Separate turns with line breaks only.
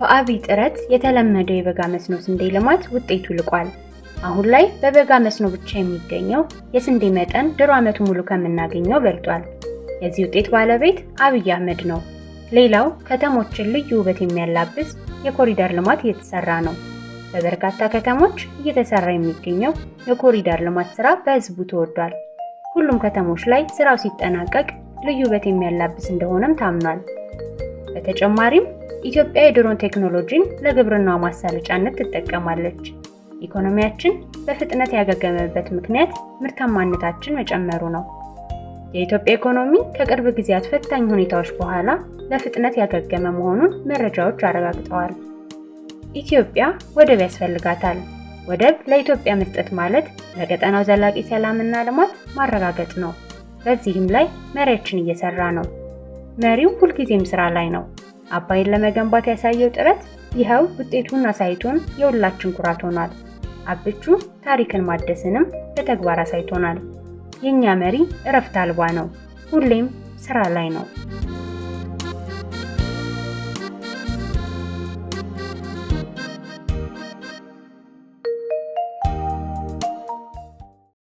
በአብይ ጥረት የተለመደው የበጋ መስኖ ስንዴ ልማት ውጤቱ ልቋል። አሁን ላይ በበጋ መስኖ ብቻ የሚገኘው የስንዴ መጠን ድሮ ዓመቱ ሙሉ ከምናገኘው በልጧል። የዚህ ውጤት ባለቤት አብይ አህመድ ነው። ሌላው ከተሞችን ልዩ ውበት የሚያላብስ የኮሪደር ልማት እየተሰራ ነው። በበርካታ ከተሞች እየተሰራ የሚገኘው የኮሪደር ልማት ስራ በህዝቡ ተወዷል። ሁሉም ከተሞች ላይ ስራው ሲጠናቀቅ ልዩ ውበት የሚያላብስ እንደሆነም ታምኗል። በተጨማሪም ኢትዮጵያ የድሮን ቴክኖሎጂን ለግብርና ማሳለጫነት ትጠቀማለች። ኢኮኖሚያችን በፍጥነት ያገገመበት ምክንያት ምርታማነታችን መጨመሩ ነው። የኢትዮጵያ ኢኮኖሚ ከቅርብ ጊዜያት ፈታኝ ሁኔታዎች በኋላ ለፍጥነት ያገገመ መሆኑን መረጃዎች አረጋግጠዋል። ኢትዮጵያ ወደብ ያስፈልጋታል። ወደብ ለኢትዮጵያ መስጠት ማለት ለቀጠናው ዘላቂ ሰላምና ልማት ማረጋገጥ ነው። በዚህም ላይ መሪያችን እየሰራ ነው። መሪው ሁልጊዜም ስራ ላይ ነው። አባይን ለመገንባት ያሳየው ጥረት ይኸው ውጤቱን አሳይቶን የሁላችን ኩራት ሆኗል። አብቹ ታሪክን ማደስንም በተግባር አሳይቶናል። የእኛ መሪ እረፍት አልባ ነው፣ ሁሌም ስራ ላይ ነው።